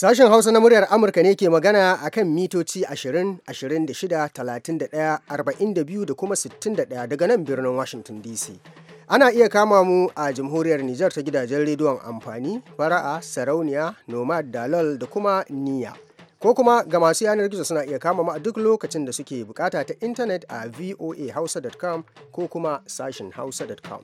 Sashen Hausa na muryar Amurka ne ke magana a kan mitoci 20, 26, 31, 42 da kuma 61 daga nan birnin Washington DC. Ana iya kama mu a jamhuriyar Nijar ta gidajen rediyon amfani, fara'a, sarauniya, nomad, dalol da kuma niya. ko kuma ga masu yanar gizo suna iya kama mu a duk lokacin da suke bukata ta intanet a voahausa.com ko kuma sashen hausa.com.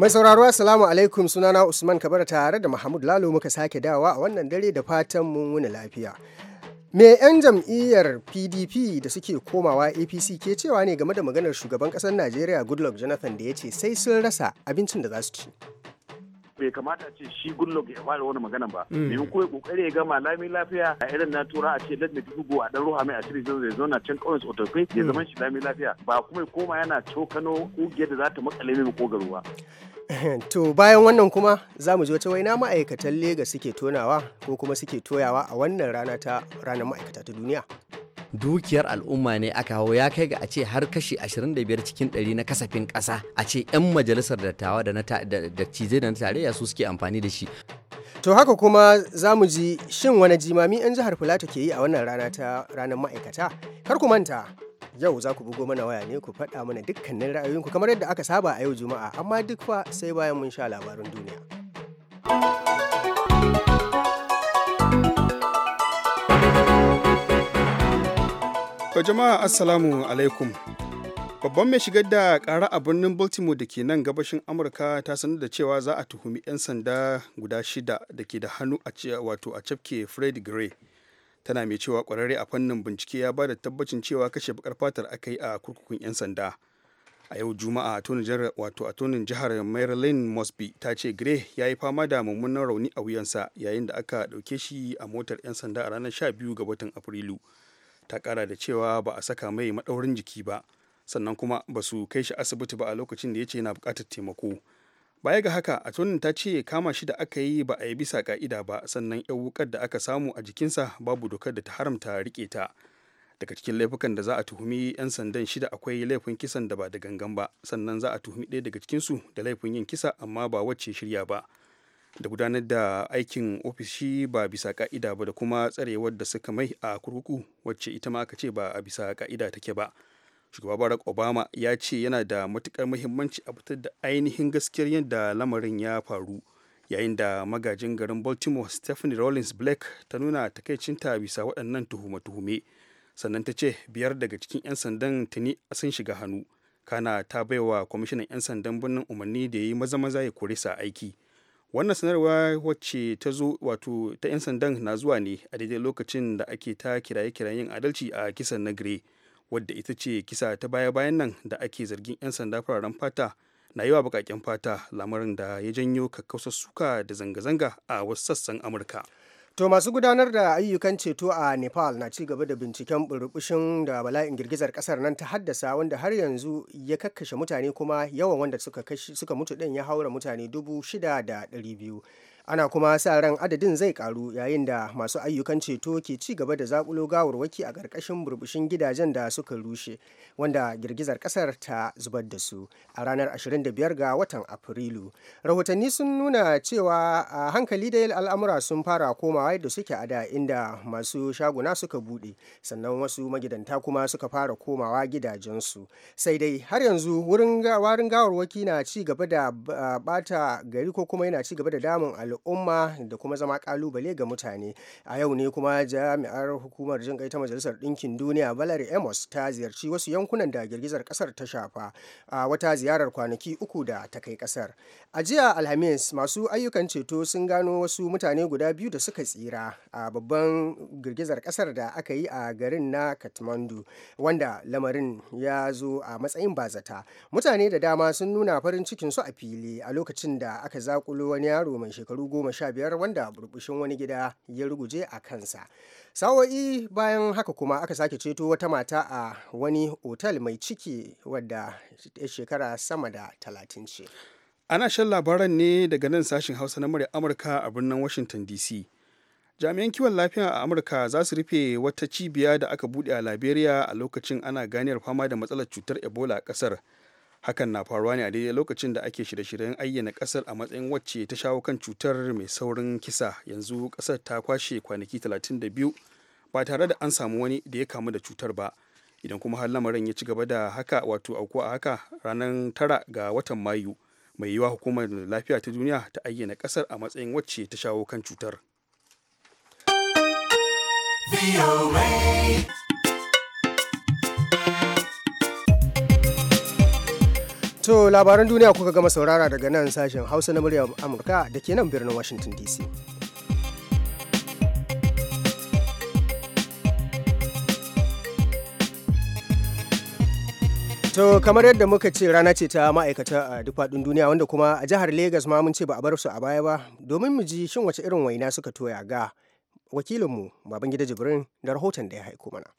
Mai sauraro Assalamu alaikum sunana Usman Kabara tare da Mahmud Lalo muka sake dawa a wannan dare da fatan mun wuni lafiya. Me 'yan jam'iyyar PDP da suke komawa APC ke cewa ne game da maganar shugaban ƙasar Najeriya Goodluck Jonathan da ya ce sai sun rasa abincin da za su ci. bai kamata ce shi gullok ya fara wani magana ba domin mm. kuma ya kokari ya gama lami lafiya a irin na tura a ce let me dubu a dan ruha mai a cikin zai zauna can kawai otofai ya mm. zama shi lami lafiya ba kuma koma yana cokano kugiyar da za ta makale mai kogaro ba to bayan wannan kuma za mu ji wata waina ma'aikatan Legas suke tonawa ko kuma suke toyawa a wannan rana ta ranar ma'aikata ta duniya. dukiyar al'umma ne aka hau ya kai ga a ce har kashi 25 cikin 100 na kasafin ƙasa a ce 'yan majalisar dattawa da na da na tarayya su suke amfani da shi To haka kuma za mu ji shin wani jimami 'yan jihar Filato ke yi a wannan rana ta ranar ma'aikata? Kar ku manta yau za ku bugo mana waya ne ku faɗa mana dukkanin ra'ayoyinku kamar yadda aka saba a yau Juma'a amma duk fa sai bayan mun sha labarin duniya. Ba jama'a assalamu alaikum. Babban mai shigar da ƙara a birnin Baltimore da ke nan gabashin Amurka ta sanar da cewa za a tuhumi 'yan sanda guda shida da ke da hannu a wato a cafke Fred Gray. Tana mai cewa ƙwararre a fannin bincike ya ba da tabbacin cewa kashe bakar fatar aka yi a kurkukun 'yan sanda. A yau Juma'a wato a tonin jihar Maryland Mosby ta ce Gray ya yi fama da mummunan rauni a wuyansa yayin da aka ɗauke shi a motar 'yan sanda a ranar 12 ga watan Afrilu. ta kara da cewa ba a saka mai maɗaurin jiki ba sannan kuma ba su kai shi asibiti ba a lokacin da ya ce yana buƙatar taimako baya ga haka atonin ta ce kama shi da aka yi ba a yi bisa ka'ida ba sannan yan wukar da aka samu a jikinsa babu dokar da ta haramta rike ta daga cikin laifukan da za a tuhumi 'yan sandan shida akwai laifin kisan da ba da gangan ba sannan za a tuhumi ɗaya daga cikinsu da laifin yin kisa amma ba wacce shirya ba da gudanar da aikin ofishi ba bisa ka'ida ba da kuma tsarewar da suka mai a kurkuku wacce ita ma aka ce ba a bisa ka'ida take ba shugaba barack obama ya ce yana da matukar muhimmanci a fitar da ainihin gaskiyar yadda lamarin ya faru yayin da magajin garin baltimore stephanie rawlings blake ta nuna takaicinta bisa waɗannan tuhume-tuhume sannan ta ce biyar daga cikin 'yan sandan tuni sun shiga hannu kana ta baiwa kwamishinan 'yan sandan birnin umarni da ya yi maza-maza ya kore sa aiki wannan sanarwa wacce ta zo wato ta 'yan sandan na zuwa ne a daidai lokacin da ake ta kiraye-kirayen yin adalci a kisan na wadda ita ce kisa ta baya-bayan nan da ake zargin 'yan sanda fararen fata na yi wa bakaken fata lamarin da ya janyo kakkausar suka da zanga-zanga a wasu sassan amurka To masu gudanar da ayyukan ceto a Nepal na ci gaba da binciken burbushin da bala'in girgizar kasar nan ta haddasa wanda har yanzu ya kakkashe mutane kuma yawan wanda suka mutu din ya haura mutane dubu shida da ɗari biyu. ana kuma sa ran adadin zai karu yayin da masu ayyukan ceto ke ci gaba da zakulo gawarwaki a ƙarƙashin burbushin gidajen da suka rushe wanda girgizar ƙasar ta zubar da su a ranar 25 ga watan afrilu rahotanni sun nuna cewa a hankali da al'amura sun fara komawa yadda suke a da inda masu shaguna suka buɗe sannan wasu magidanta kuma suka fara komawa gidajensu sai dai har yanzu wurin warin gawarwaki na ci gaba da bata gari ko kuma yana ci gaba da damun al al'umma da kuma zama kalubale ga mutane a yau ne kuma jami'ar hukumar jin ta majalisar ɗinkin duniya valery amos ta ziyarci wasu yankunan da girgizar kasar ta shafa a wata ziyarar kwanaki uku da ta kai kasar a jiya alhamis masu ayyukan ceto sun gano wasu mutane guda biyu da suka tsira a babban girgizar kasar da aka yi a garin na kathmandu wanda lamarin ya zo a matsayin bazata mutane da dama sun nuna farin cikin su a fili a lokacin da aka zakulo wani yaro mai shekaru shekaru goma sha biyar wanda burbushin wani gida ya ruguje a kansa sawo'i bayan haka kuma aka sake ceto wata mata a wani otal mai ciki wadda shekara sama da talatin ce ana shan labaran ne daga nan sashen hausa na murya amurka a birnin washington dc jami'an kiwon lafiya a amurka za su rufe wata cibiya da aka bude a liberia a lokacin ana ganiyar fama da matsalar cutar ebola a kasar. hakan na faruwa ne a daidai lokacin da ake shirye-shiryen ayyana kasar a matsayin wacce ta shawo kan cutar mai saurin kisa yanzu kasar ta kwashe kwanaki 32 ba tare da an samu wani da ya kamu da cutar ba idan kuma har lamarin ya ci gaba da haka wato auku a haka ranar tara ga watan mayu mai yiwa hukumar lafiya ta duniya ta ayyana kasar a matsayin wacce ta shawo kan cutar. To labaran duniya kuka gama saurara daga nan sashen Hausa na muryar Amurka da ke nan birnin Washington DC. To kamar yadda muka ce rana ce ta ma'aikata a duk faɗin duniya wanda kuma a jihar Legas ma mun ce ba a bar su a baya ba domin mu ji shin wace irin waina suka toya ga wakilinmu Babangida Jibrin da rahoton da ya haiko mana.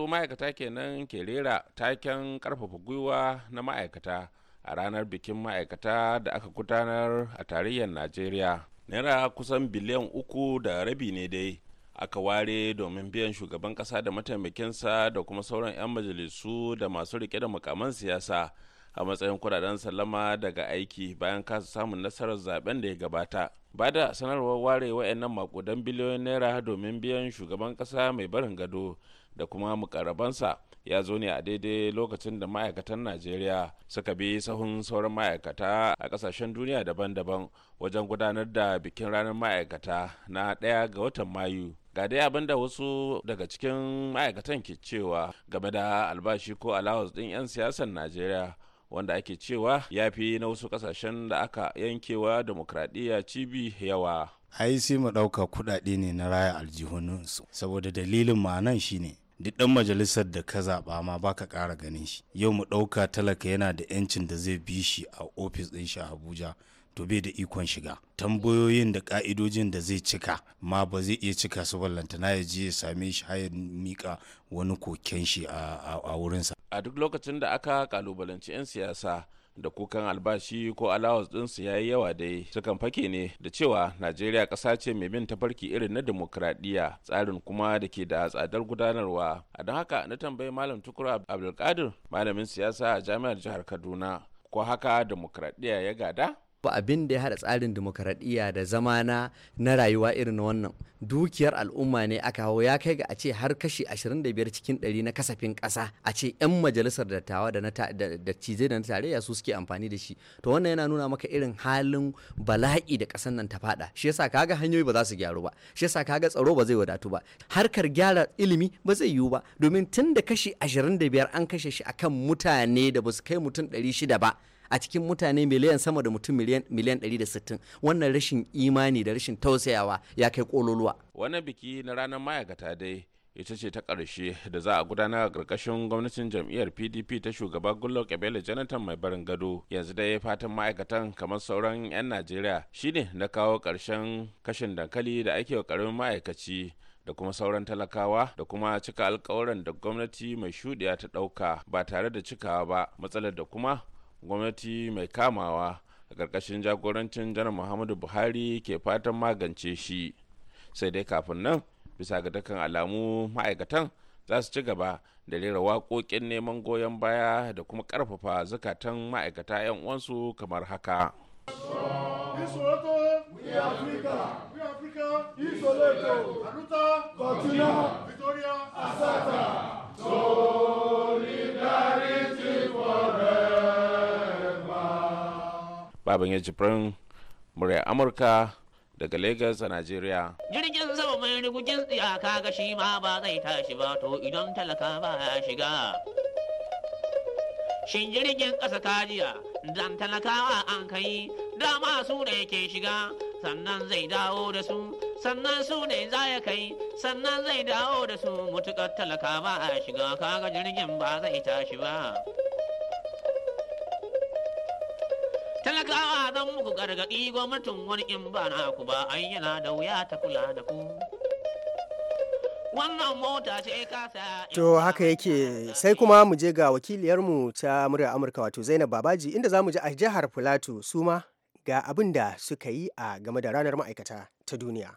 wasu ma'aikata kenan ke rera taken karfafa gwiwa na ma'aikata a ranar bikin ma'aikata da aka gudanar a tarayyar najeriya naira kusan biliyan uku da rabi ne dai aka ware domin biyan shugaban kasa da mataimakinsa da kuma sauran 'yan majalisu da masu rike da makaman siyasa a matsayin kudaden sallama daga aiki bayan kasa samun nasarar zaben da ya gabata ba da sanarwar ware wayannan makudan biliyoyin naira domin biyan shugaban kasa mai barin gado da kuma mukarabansa ya zo ne a daidai lokacin da ma'aikatan najeriya suka bi sahun sauran ma'aikata a kasashen duniya daban-daban wajen gudanar da bikin ranar ma'aikata na ɗaya ga watan mayu ga dai abin da wasu daga cikin ma'aikatan ke cewa game da albashi ko allowance ɗin 'yan siyasar najeriya wanda ake cewa ya fi na wasu kasashen da aka yankewa demokradiyya cibi yawa ai sai mu ɗauka kuɗaɗe ne na raya aljihuninsu saboda dalilin ma'anan shine duk ɗan majalisar da ka zaɓa ma baka ƙara ganin shi yau mu ɗauka talaka yana da 'yancin da zai bi shi a ofis ɗin shi a abuja to bai da ikon shiga tambayoyin da ka'idojin da zai cika ma ba zai iya cika su ballanta na ya je ya same shi hayar mika wani koken shi a wurinsa a duk lokacin da aka kalubalanci 'yan siyasa da kukan albashi ko allowance ɗinsu ya yi yawa dai sukan fake ne da cewa najeriya ƙasa ce mai bin tafarki irin na demokradiyya tsarin kuma da ke da tsadar gudanarwa a don haka na tambayi malam tukura abdulkadir malamin siyasa a jami'ar jihar kaduna ko haka demokradiyya ya gada ba abin da ya haɗa tsarin demokaradiyya da zama na na rayuwa irin na wannan dukiyar al'umma ne aka hau ya kai ga a ce har kashi 25 cikin 100 na kasafin ƙasa a ce 'yan majalisar dattawa da da cizai da na tarayya su suke amfani da shi to wannan yana nuna maka irin halin bala'i da ƙasar nan ta faɗa shi yasa kaga hanyoyi ba za su gyaru ba shi yasa kaga tsaro ba zai wadatu ba harkar gyara ilimi ba zai yiwu ba domin tun da kashi 25 an kashe shi akan mutane da ba su kai mutum 600 ba a cikin mutane miliyan sama da mutum miliyan 160 wannan rashin imani da rashin tausayawa ya kai kololuwa wannan biki na ranar ma'aikata dai ita ce ta ƙarshe da za a gudanar a ƙarƙashin gwamnatin jam'iyyar pdp ta shugaba goodluck ebele jonathan mai barin gado yanzu da ya fatan ma'aikatan kamar sauran 'yan najeriya shine na kawo ƙarshen kashin dankali da ake wa ƙaramin ma'aikaci da kuma sauran talakawa da kuma cika alkawuran da gwamnati mai shuɗiya ta ɗauka ba tare da cikawa ba matsalar da kuma gwamnati mai kamawa a ƙarƙashin jagorancin janar muhammadu buhari ke fatan magance shi sai dai kafin nan bisa ga dukkan alamu ma'aikatan za su ci gaba da rera waƙoƙin neman goyon baya da kuma ƙarfafa zukatan ma'aikata 'yan uwansu kamar haka. Solidarity. baban ya jibrin murya amurka daga lagos a nigeria jirgin sama mai rigujin tsiyaka ga shi ma ba zai tashi ba to idan talaka ba ya shiga shin jirgin ƙasa kajiya dan talakawa an kai dama su da yake shiga sannan zai dawo da su sannan su ne za ya kai sannan zai dawo da su mutuƙar talaka ba a shiga kaga jirgin ba zai tashi ba talakawa zan muku gargaɗi gwamnatin wani in ba na ku ba an yana da wuya ta kula da ku wannan mota ce kasa to haka yake sai kuma mu je ga wakiliyarmu ta murya amurka wato zainab babaji inda za mu je a jihar filato su ma ga abin da suka yi a game da ranar ma'aikata ta duniya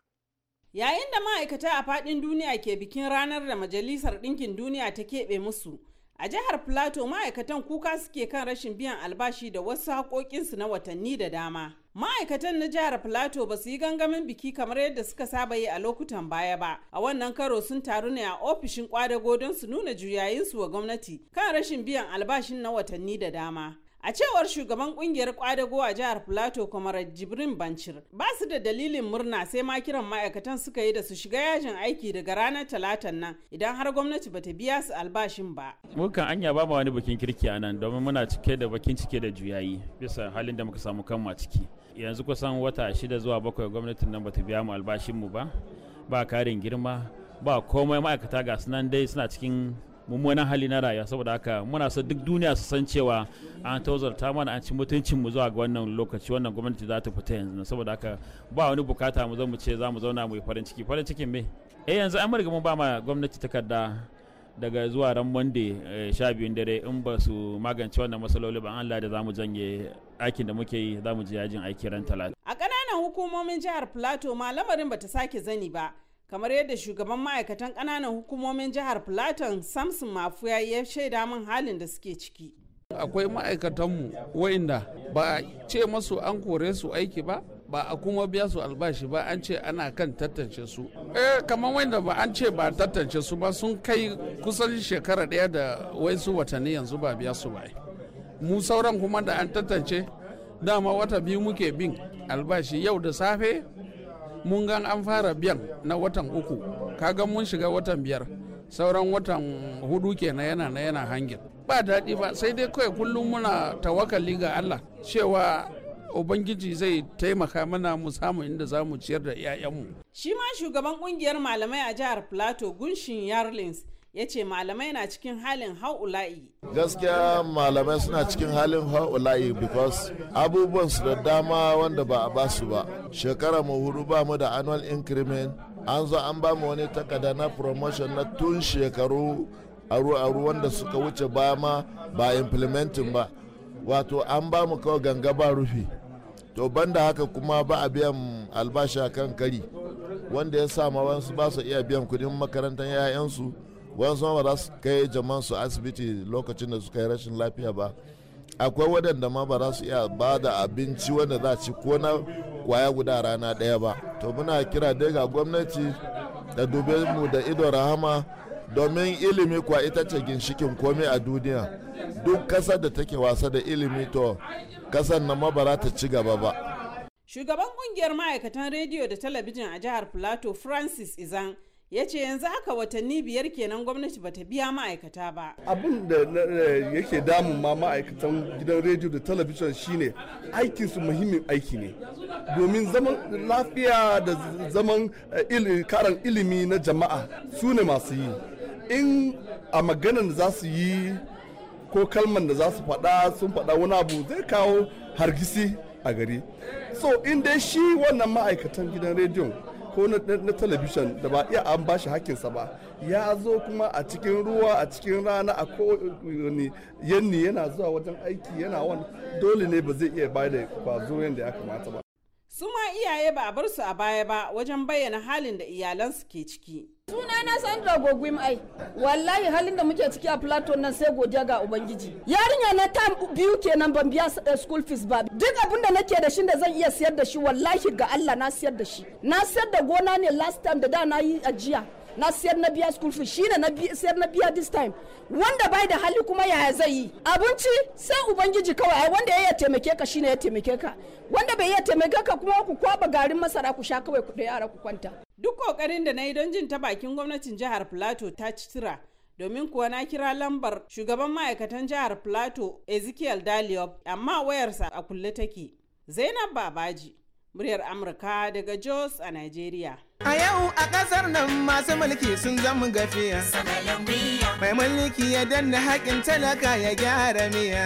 yayin da ma'aikata a faɗin duniya ke bikin ranar da majalisar ɗinkin duniya ta keɓe musu A jihar Plateau ma'aikatan kuka suke kan rashin biyan albashi da wasu haƙoƙinsu na watanni da dama. Ma'aikatan na jihar Plateau ba su yi gangamin biki kamar yadda suka saba yi a lokutan baya ba. A wannan karo sun taru ne a ofishin kwadago don su nuna juyayinsu wa gwamnati kan rashin biyan albashin na watanni da dama. A cewar shugaban kungiyar kwadago a jihar Plateau kamar Jibrin Bancir, ba su da dalilin murna sai ma kiran ma'aikatan suka yi da su shiga yajin aiki daga ranar talatan nan idan har gwamnati bata biya su albashin ba. Mukan anya ba wani bikin kirki a nan domin muna cike da bakin cike da juyayi bisa halin da muka samu kanmu a ciki. Yanzu kusan wata shida zuwa bakwai gwamnatin nan bata biya mu albashin mu ba, ba karin girma, ba komai ma'aikata ga sunan dai suna cikin mummunan hali na rayuwa saboda haka muna so duk duniya su san cewa an tozarta mana an ci mutuncin mu zuwa ga wannan lokaci wannan gwamnati za ta fita yanzu saboda haka ba wani bukata mu mu ce za mu zauna mu yi farin ciki farin cikin me eh yanzu an riga mun ba ma gwamnati takarda daga zuwa ran monday eh, sha biyun dare in ba su magance wannan matsaloli ba Allah da za mu janye aikin da muke yi za mu ji yajin aiki ran talata a kananan hukumomin jihar plateau ma lamarin ta sake zani ba kamar yadda shugaban ma'aikatan kananan hukumomin jihar platon samson mafu ya shaida min halin da suke ciki akwai ma'aikatanmu wa'inda ba a ce masu an kore su aiki ba ba a kuma biya su albashi ba an ce ana kan tattance su eh kamar wanda ba an ce ba tattance su ba sun kai kusan shekara ɗaya da wai su watanni yanzu ba biya su ba mu sauran kuma da an tattance dama wata biyu muke bin albashi yau da safe mun gan an fara biyan na watan uku kaga mun shiga watan biyar sauran watan hudu kenan yana na yana hangin ba daɗi ba sai dai kawai kullum muna tawakali ga allah cewa ubangiji zai taimaka mana mu samu inda za mu ciyar da 'ya'yanmu shi ma shugaban kungiyar malamai a jihar plateau gunshin yarlins ya ce malamai na cikin halin haula'i. Gaskiya malamai suna cikin halin haula'i because abubuwan su da dama wanda ba a basu ba. Shekara mu huru ba mu da annual increment an zo an ba mu wani takada na promotion na tun shekaru aru-aru wanda suka wuce ba ma ba implementing ba. Wato an ba mu kawai ganga ba rufi. To banda haka kuma ba a biyan albashi kan kari wanda ya sa ma wasu ba su iya biyan kudin makarantar 'ya'yansu. wasu ma ba za su kai jaman su asibiti lokacin da suka yi rashin lafiya ba akwai waɗanda ma ba su iya ba da abinci wanda za ci ko na kwaya guda rana daya ba to muna kira dai ga gwamnati da dube mu da ido rahama domin ilimi kwa ita ce ginshikin komai a duniya duk kasar da take wasa da ilimi to kasar na mabara ta ci gaba ba shugaban kungiyar ma'aikatan rediyo da talabijin a jihar plateau francis izan ya ce yanzu aka watanni biyar kenan gwamnati bata biya ma'aikata ba abin da yake damun ma ma'aikatan gidan rediyo da talabijin shine aikin su muhimmin aiki ne domin zaman lafiya da zaman eh, karan ilimi na jama'a su ne masu yi in a maganan za su yi ko kalman da za su faɗa sun faɗa wani abu zai kawo hargisi a gari so in dai shi wannan ma'aikatan gidan rediyon ko na talabishin da ba iya an bashi hakinsa ba ya zo kuma a cikin ruwa a cikin rana a kowane yanni yana zuwa wajen aiki yana wani dole ne ba zai iya ba da kwazo yadda ya kamata ba su ma iyaye ba a bar su a baya ba wajen bayyana halin da iyalansu ke ciki suna na sandra gogwim ai wallahi halin da muke ciki a plateau nan sai godiya ga ubangiji yarinya na tam biyu kenan ban biya eh, school fees ba duk abin da nake da shi da zan iya siyar da shi wallahi ga allah na siyar da shi na siyar da gona ne last time da da na yi ajiya na siyar na biya school fees shine na siyar na biya this time wanda bai da hali kuma yaya zai yi abinci sai ubangiji kawai ai wanda ya taimake ka shine ya taimake ka wanda bai iya taimake ka kuma ku kwaba garin masara ku sha kawai ku da yara ku kwanta Duk ƙoƙarin da na yi don jin ta bakin gwamnatin jihar Plateau ta ci domin kuwa na kira lambar shugaban ma'aikatan jihar Plateau Ezekiel Daliop amma wayarsa a kulle take. Zainab Babaji, muryar Amurka daga Jos a Nigeria. A yau a ƙasar nan masu mulki sun zama gafiya. Mai mulki ya danna haƙin talaka ya gyara miya.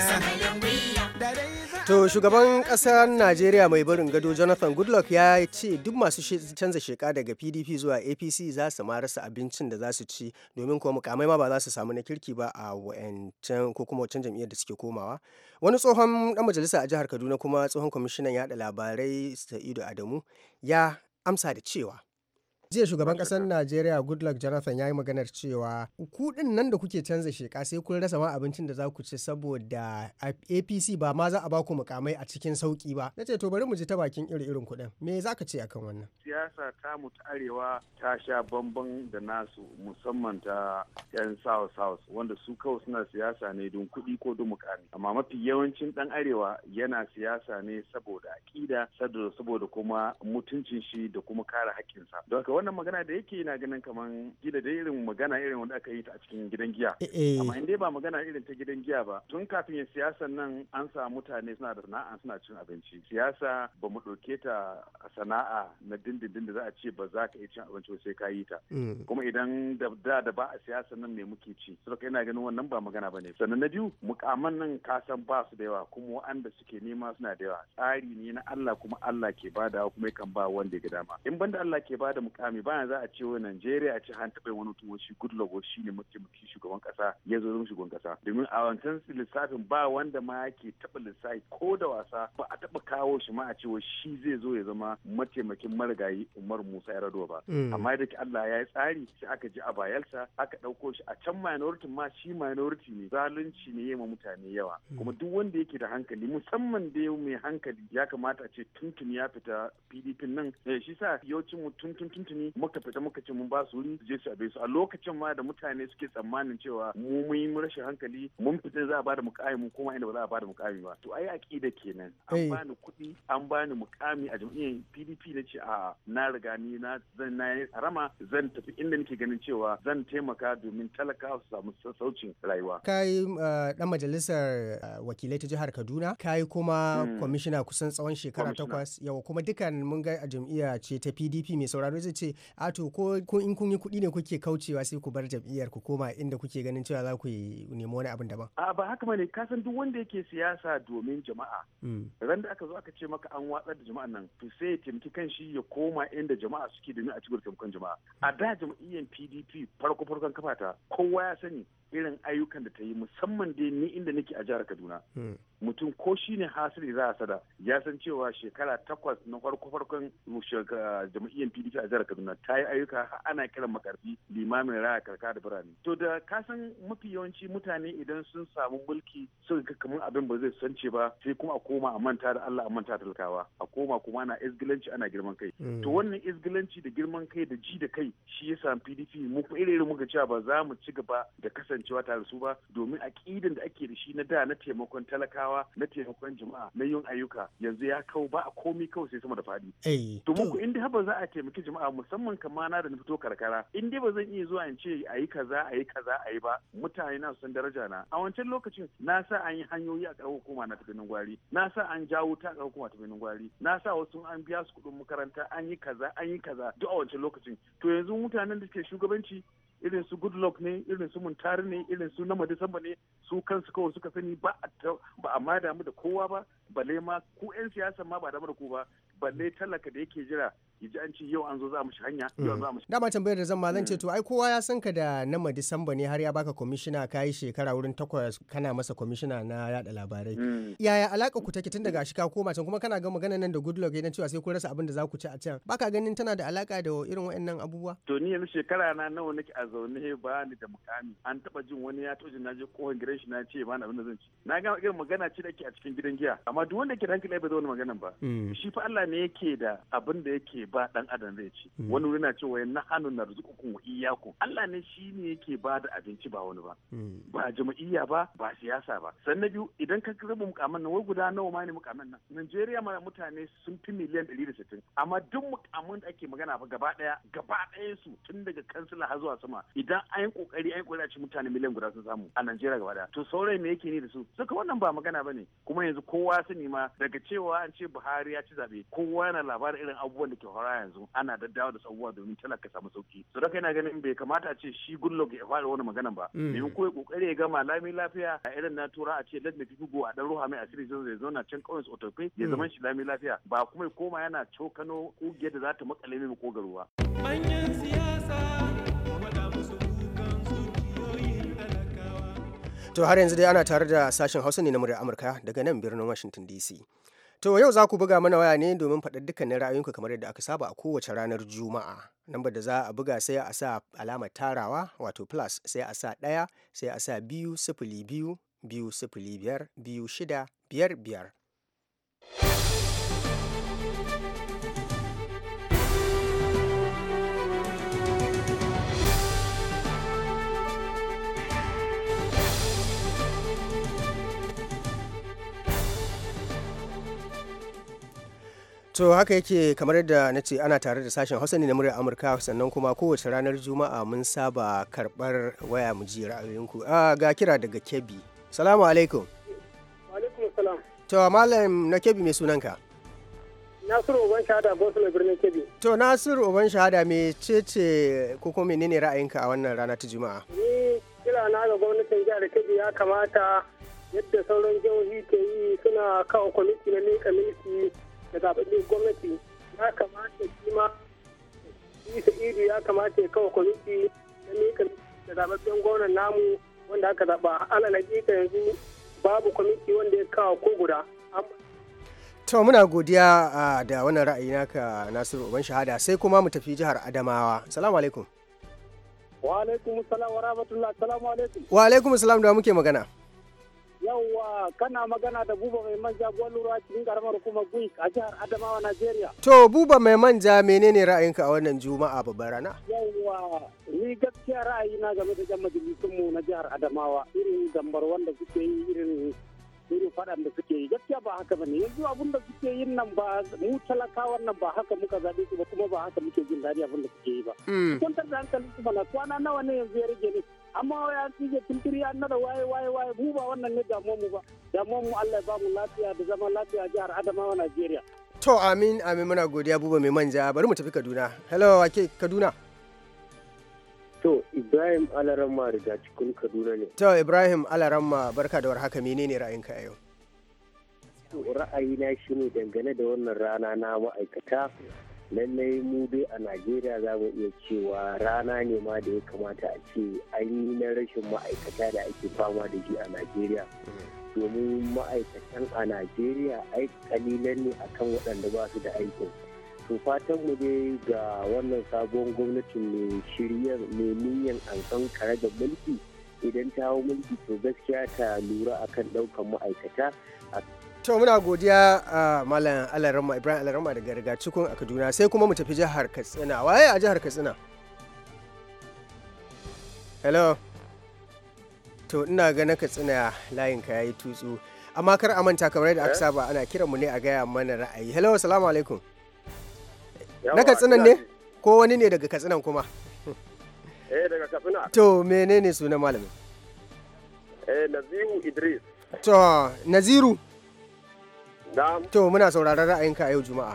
To shugaban ƙasar Najeriya mai barin gado Jonathan Goodluck ya ce duk masu canza sheka daga PDP zuwa APC za su ma rasa abincin da za su ci domin kuma mukamai ma ba za su samu na kirki ba a wa'ancan ko kuma wancan jam'iyyar da suke komawa. Wani tsohon ɗan majalisa a jihar Kaduna kuma tsohon kwamishinan yaɗa labarai Sa'idu Adamu ya amsa da cewa jiya shugaban kasar najeriya goodluck jonathan ya yi maganar cewa kuɗin nan da kuke canza sheka sai kun rasa ma abincin da za ku ci saboda apc ba ma za a ba ku mukamai a cikin sauki ba na ce to bari mu ji ta bakin iri irin kuɗin me za ka ce akan wannan siyasa ta mu ta arewa ta sha bambam da nasu musamman ta yan south south wanda su kawai suna siyasa ne don kuɗi ko don mukami amma mafi yawancin dan arewa yana siyasa ne saboda aƙida saboda kuma mutuncin shi da kuma kare haƙƙinsa wannan magana da yake na ganin kamar gida da irin magana irin wanda aka yi ta a cikin gidan giya eh, eh. amma in ba magana irin ta gidan giya ba tun kafin ya siyasan nan an sa mutane suna da sana'a suna cin abinci siyasa ba mu ɗauke ta sana'a na dindindin da za a ce ba za ka yi cin abinci ba sai ka yi ta mm. kuma idan da da ba a siyasan nan ne muke ci saboda ina ganin wannan ba magana ba ne sannan na biyu mukaman nan ka san ba su da yawa kuma wa'anda suke nema suna da yawa tsari ne na Allah kuma Allah ke bada kuma kan ba wanda ya ga dama in banda Allah ke bada mukamin. makami ba za a ce wa Najeriya a ce an taɓa wani mutum shi Goodluck shi ne mataimakin shugaban kasa ya zo zama shugaban kasa domin a wancan lissafin ba wanda ma yake taba lissafi ko da wasa ba a taɓa kawo shi ma a ce shi zai zo ya zama mataimakin marigayi Umar Musa ya Yar'adua ba mm. amma da Allah ya yi tsari sai aka ji a bayelsa aka ɗauko shi a can minority ma shi minority ne zalunci ne yema mutane yawa mm. kuma duk wanda yake da hankali musamman da mai hankali ya kamata a ce tuntun ya fita PDP nan eh, shi sa yawancin mu tuntun tuntun muka fita muka ce mun ba su wuri su je su abe su a lokacin ma da mutane suke tsammanin cewa mu mun yi rashin hankali mun fita za a bada da mukami mu kuma inda ba za a bada mukami ba to ai aqida kenan an eh. bani kuɗi an bani mukami a jam'iyyar PDP na ce a na riga ni na zan na yi harama zan tafi inda nake ganin cewa zan taimaka domin talakawa su samu sassaucin rayuwa kai dan eh, majalisar eh, wakilai ta jihar Kaduna kai kuma hmm. kwamishina kusan tsawon shekara takwas yawa kuma dukan mun ga a jam'iyya ce ta PDP mai sauraro zai ce a to ko in kun yi kuɗi ne kuke kaucewa sai ku bar jam'iyyar ku koma inda kuke ganin cewa za ku nemo wani abin daban. A ba haka bane kasan duk wanda yake siyasa domin jama'a. Hmm. Ran da aka zo aka ce maka an watsar da jama'a nan to sai ya taimaki kan shi ya koma inda jama'a suke domin a cigar taimakon jama'a. A da jam'iyyar PDP farko farkon kafata kowa ya sani irin ayyukan da ta yi musamman dai ni inda nake a jihar Kaduna. Hmm. Mutum ko shi ne hasiri za a sada ya san cewa shekara takwas na farko farkon jam'iyyar PDP a jihar Kaduna ta yi ayyuka ana kiran makarfi limamin raya karka da birane. To da ka san mafi yawanci mutane idan sun samu mulki sun ga kamar abin ba zai sance ba sai kuma a koma a manta da Allah a manta talakawa a koma kuma ana izgilanci ana girman kai. Hmm. To wannan izgilanci da girman kai da ji da kai shi yasa PDP mu irin muka cewa ba za mu ci gaba da kasance kasancewa tare su ba domin aƙidan da ake da shi na da na taimakon talakawa na taimakon jama'a na yin ayyuka yanzu ya kau ba a komi kawai sai sama da faɗi. Eh, to muku inda ba za a taimaki jama'a musamman kamar na da na fito karkara in dai ba zan iya zuwa in ce a yi kaza a yi kaza a yi ba mutane na san daraja na a wancan lokacin na sa an yi hanyoyi a ƙarar hukuma na tafi gwari na sa an jawo ta ƙarar hukuma tafi gwari na sa wasu an biya su kuɗin makaranta an yi kaza an yi kaza duk a wancan lokacin to yanzu mutanen da suke shugabanci irin su goodluck ne irin su muntari ne irin su na disamba ne su kansu kawai suka sani ba a ma damu da kowa ba balle ma ku 'yan siyasa ma ba damu da ku ba balle talaka da yake jira ya an ci yau an zo za mu shi hanya yau mm. za mu shi dama tambayar da zan ma zan ce mm. to ai kowa ya san ka da nama disamba ne har ya baka komishina ka yi shekara wurin takwas kana masa komishina na yada labarai mm. yaya alaka ku take tun daga shi ka koma can kuma kana ga magana nan da goodluck yana cewa sai ku rasa abin da za ku ci a can baka ganin tana da alaka da irin waɗannan abubuwa to ni yanzu shekara na nawa nake a zaune ba ni da mukami an taba jin wani ya toje na je kohon gidan shi na ce ba na abin da zan ci na ga irin magana ce da ke a cikin gidan giya amma duk wanda ke da hankali bai zo wani maganan ba shi fa Allah ne yake da abin da yake ba dan adam zai ci mm. wani wuri na cewa na hannu na rizukukun wa iyaku Allah ne shi ne yake ba da abinci ba wani ba mm. ba jama'iyya ba ba siyasa ba sannan biyu idan ka raba mukaman nan wai guda nawa ma ne mukamman nan Najeriya ma mutane sun fi miliyan 160 amma duk mukaman da ake magana ba gaba daya gaba daya su tun daga kansila har zuwa sama idan an kokari an kokari a ci mutane miliyan guda sun samu a Najeriya gaba daya to sauran me yake ni da su suka wannan ba magana ba ne. kuma yanzu kowa sani ma daga cewa an ce Buhari ya ci zabe kowa yana labarin irin abubuwan da ke kamar yanzu ana daddawa da sabuwa domin talaka samu sauki su daga yana ganin bai kamata a ce shi gullog ya fara wani magana ba mm. domin ko ya kokari ya gama lami lafiya a irin na tura a ce let me go a dan ruha mai a asiri zai zauna can kauyen otofai ya mm. zaman shi lami lafiya ba kuma ya koma yana cokano kugiyar da za ta makale mai garuwa. Manyan siyasa To har yanzu dai ana tare da sashen Hausa ne na murya Amurka daga nan birnin Washington DC. To yau za ku buga mana waya ne domin faɗar dukkanin ra'ayinku kamar yadda aka saba a kowace ranar Juma'a. Lambar da za a buga sai a sa alamar tarawa wato plus sai a sa ɗaya sai a sa biyu sifili biyu biyu sifili biyar biyu shida biyar biyar. To haka yake kamar yadda na ce ana tare da sashen Hausa ne na murya Amurka sannan kuma kowace ranar Juma'a mun saba karɓar waya mu ji ra'ayoyinku. Ah ga kira daga Kebbi. Salamu alaikum. Wa alaikum salam. To malam na Kebbi mai sunanka? Nasiru Oban Shahada Gosulo birnin Kebbi. To Nasiru Oban Shahada me ce ce ko kuma menene ra'ayinka a wannan rana ta Juma'a? Ni kira na ga gwamnatin jihar Kebbi ya kamata yadda sauran jihohi ke yi suna kawo kwamiti na leƙa milki da zaɓaɓɓen gwamnati ya kamata shi ma isa idu ya kamata ya kawo kwamiti na mika da zaɓaɓɓen gwamnan namu wanda aka zaɓa ala hakika yanzu babu kwamiti wanda ya kawo ko guda to muna godiya da wannan ra'ayi naka nasiru uban shahada sai kuma mu tafi jihar adamawa salamu alaikum wa alaikum salam wa rahmatullah salamu alaikum wa alaikum salam da muke magana Yawwa kana magana da Buba mai manja lura cikin karamar kuma Gui a jihar Adamawa nigeria To Buba mai manja menene ra'ayinka a wannan Juma'a babbar rana? Yawwa ni gaskiya ra'ayi na game da jan majalisunmu na jihar Adamawa irin gambar wanda suke yi irin irin faɗan da suke yi gaskiya ba haka bane yanzu abun da suke yin nan ba mu talakawan nan ba haka muka zaɓe su ba kuma ba haka muke jin daɗi abun da suke yi ba. Hmm. Kun da hankali su na kwana nawa ne yanzu ya rage ne amma ya tsige tunturi ya nada waye waye waye mu ba wannan ne damuwar mu ba damuwar mu Allah ya ba mu lafiya da zaman lafiya jihar Adamawa Najeriya to amin amin muna godiya buba mai manja bari mu tafi Kaduna hello wake Kaduna to Ibrahim Alaramma daga cikin Kaduna ne to Ibrahim Alaramma barka da warhaka menene ra'ayinka yau ra'ayina shine dangane da wannan rana na ma'aikata lallai mu dai a najeriya za mu iya cewa rana ne ma da ya kamata a ce an na rashin ma'aikata da ake fama da shi a najeriya domin ma'aikatan a najeriya ai kalilan ne akan waɗanda ba su da aikin to fatan mu dai ga wannan sabon gwamnati mai shiryar mai niyyar ansan kare da mulki idan ta hau mulki to gaskiya ta lura akan ɗaukan ma'aikata a to muna godiya a malam alarama ibrahim alarama daga rigacikun a kaduna sai kuma mu tafi jihar katsina waye a jihar katsina hello to ina ga katsina layin ka yayi tutsu amma kar a manta kamar yadda aka eh? saba ana kiran mu ne a gaya mana ra'ayi hello assalamu alaikum na katsinan ne ko wani ne daga katsinan kuma eh daga katsina to menene sunan malamin eh naziru idris to naziru To muna sauraron ra'ayinka a yau Juma'a.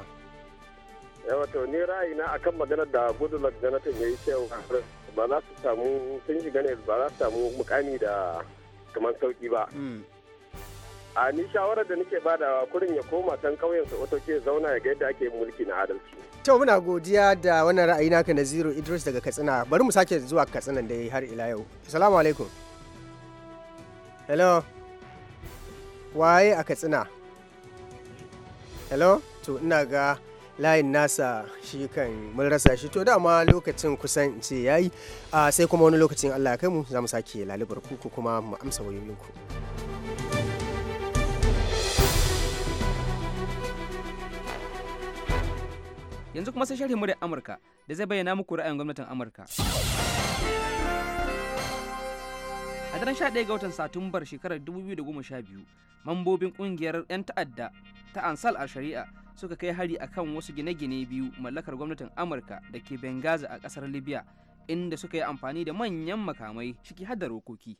Yawa to ni ra'ayina akan maganar da Goodluck Jonathan ya yi cewa ba za su samu sun shiga ne ba za su samu mukami da kamar sauki ba. Mm. A ni shawarar da nake badawa kurin ya koma can kauyen su wato ke zauna ya ga yadda ake mulki na adalci. To muna godiya da wannan ra'ayi naka na Zero Idris daga Katsina. Bari mu sake zuwa Katsina da har ila yau. Assalamu alaikum. Hello. Waye a Katsina? hello to ina ga layin nasa shi kan mun rasa shi to dama lokacin kusan ce yayi sai kuma wani lokacin Allah ya kai mu za mu sake lalibar ku ko kuma mu amsa wayoyin ku yanzu kuma sai sharhin mu da Amurka da zai bayyana muku ra'ayin gwamnatin Amurka a daren 11 ga watan satumbar shekarar 2012 mambobin kungiyar 'yan ta'adda ta ansal a shari'a suka kai hari a kan wasu gine-gine biyu mallakar gwamnatin amurka da ke bengazi a kasar libya inda suka yi amfani da manyan makamai ciki hada rokoki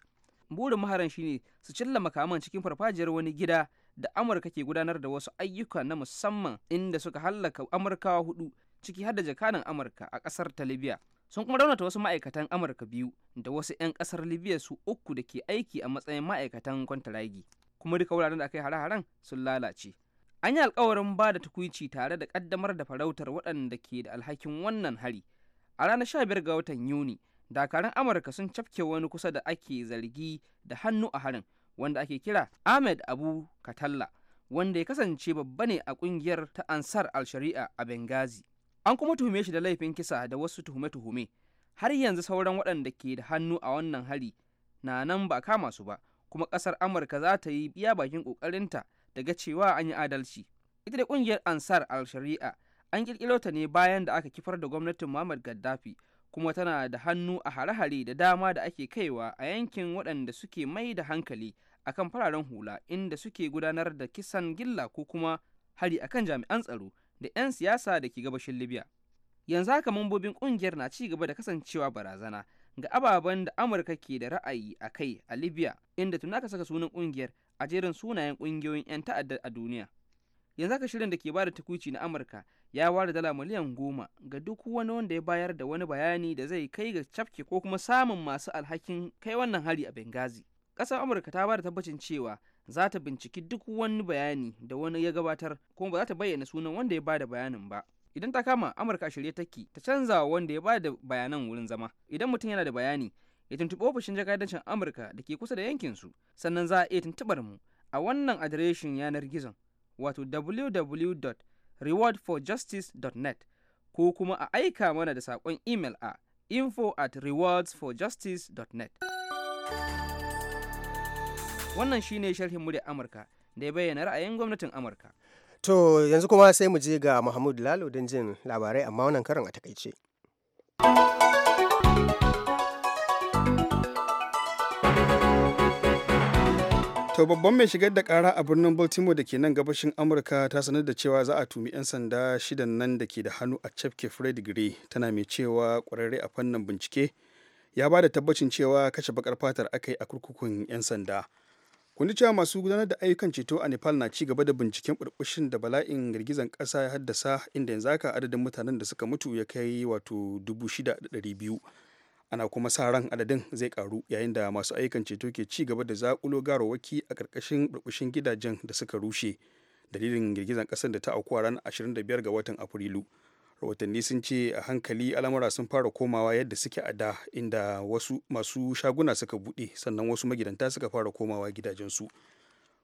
burin maharan shine su cilla makaman cikin farfajiyar wani gida da amurka ke gudanar da wasu ayyuka na musamman inda suka hallaka amurkawa hudu ciki hada jakanan amurka a kasar ta libya sun kuma raunata wasu ma'aikatan amurka biyu da wasu 'yan kasar libya su uku da ke aiki a matsayin ma'aikatan kwantaragi kuma duka wuraren da aka yi hare-haren sun lalace an yi alkawarin ba da tukuici tare da kaddamar da farautar waɗanda ke da alhakin wannan hari a ranar 15 ga watan yuni dakarun amurka sun cafke wani kusa da ake zargi da hannu a harin wanda ake kira ahmed abu katalla wanda ya kasance babba ne a kungiyar ta ansar al-shari'a a benghazi an kuma tuhume shi da laifin kisa da wasu tuhume-tuhume har yanzu sauran waɗanda ke da hannu a wannan hari na nan ba kama su ba kuma ƙasar amurka za ta yi biya bakin ta daga cewa an yi adalci ita da ƙungiyar ansar al shari'a an ƙirƙiro ta ne bayan da aka kifar da gwamnatin muhammad gaddafi kuma tana da hannu a hare-hare da dama da ake kaiwa a yankin waɗanda suke mai da hankali akan fararen hula inda suke gudanar da kisan gilla ko kuma hari akan jami'an tsaro da 'yan siyasa da ke gabashin libya yanzu haka mambobin kungiyar na ci gaba da kasancewa barazana ga ababen da amurka ke da ra'ayi a kai a libya inda tun aka saka sunan kungiyar a jerin sunayen kungiyoyin 'yan ta'adda a duniya yanzu haka shirin da ke bada tukuici na amurka ya ware dala miliyan goma ga duk wani wanda ya bayar da wani bayani da zai kai ga cafke ko kuma samun masu alhakin kai wannan hari a benghazi ƙasar amurka ta bada tabbacin cewa za ta binciki duk wani bayani da wani ya gabatar kuma ba za ta bayyana sunan wanda ya bada bayanin ba idan ta kama amurka a shirye take ta canza wanda ya bada bayanan wurin zama idan mutum yana da bayani ya tuntuɓi ofishin jakadancin amurka da ke kusa da yankin su sannan za a iya tuntuɓar mu a wannan adireshin yanar gizon wato www.rewardforjustice.net ko kuma a aika mana da saƙon imel a info at rewardsforjustice.net. Wannan shine sharhin muryar Amurka da ya bayyana ra'ayin gwamnatin Amurka. To yanzu kuma sai mu je ga Mahmud Lalo don jin labarai amma wannan karin a takaice. To babban mai shigar da kara a birnin Baltimore da ke nan gabashin Amurka ta sanar da cewa za a tumi 'yan sanda shidan nan da ke da hannu a cafke Fred Gray tana mai cewa kwararre a fannin bincike ya ba da tabbacin cewa kashe bakar fatar aka yi a kurkukun 'yan sanda. kundi cewa masu gudanar da ayyukan ceto a nepal na ci gaba da binciken burbushin da bala'in girgizan kasa ya haddasa inda yanzu haka adadin mutanen da suka mutu ya kai wato 6,200 ana kuma sa ran adadin zai karu yayin da masu ayyukan ceto ke ci gaba da zakulo garowaki a ƙarƙashin burbushin gidajen da suka rushe dalilin girgizan ƙasar da ta auku a ranar 25 ga watan afrilu rahotanni sun ce a hankali al'amura sun fara komawa yadda suke a da inda wasu masu shaguna suka buɗe sannan wasu magidanta suka fara komawa gidajensu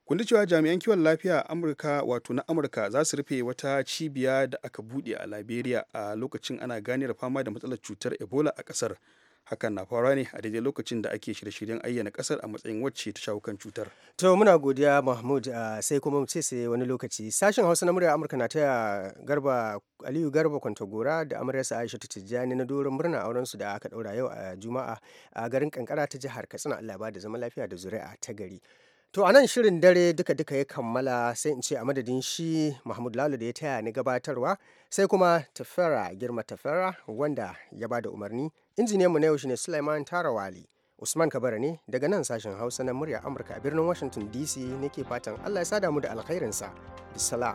kun cewa jami'an kiwon lafiya amurka wato na amurka za su rufe wata cibiya da aka buɗe a liberia a lokacin ana ganiyar fama da matsalar cutar ebola a ƙasar hakan na faruwa ne a daidai lokacin da ake shirye-shiryen ayyana kasar a matsayin wacce ta shawo kan cutar to muna godiya mahmud ah, sai kuma mu ce sai wani lokaci sashen hausa na murya amurka na taya garba aliyu garba kwantagora da amaryarsa aisha tijjani na doron murna auren su da aka daura yau a juma'a a garin kankara ta jihar katsina allah ba da zama lafiya da zuri'a ta gari To a nan shirin dare duka-duka ya kammala sai in ce a madadin shi Mahmud Lalo da ya taya ni gabatarwa sai kuma Tafera Girma Tafera wanda ya bada umarni. injiniyan mu na yau shine Sulaiman Tarawali. Usman Kabara ne daga nan sashen Hausa na murya Amurka a birnin Washington DC nake fatan Allah ya sada mu da alkhairinsa. Bisalam.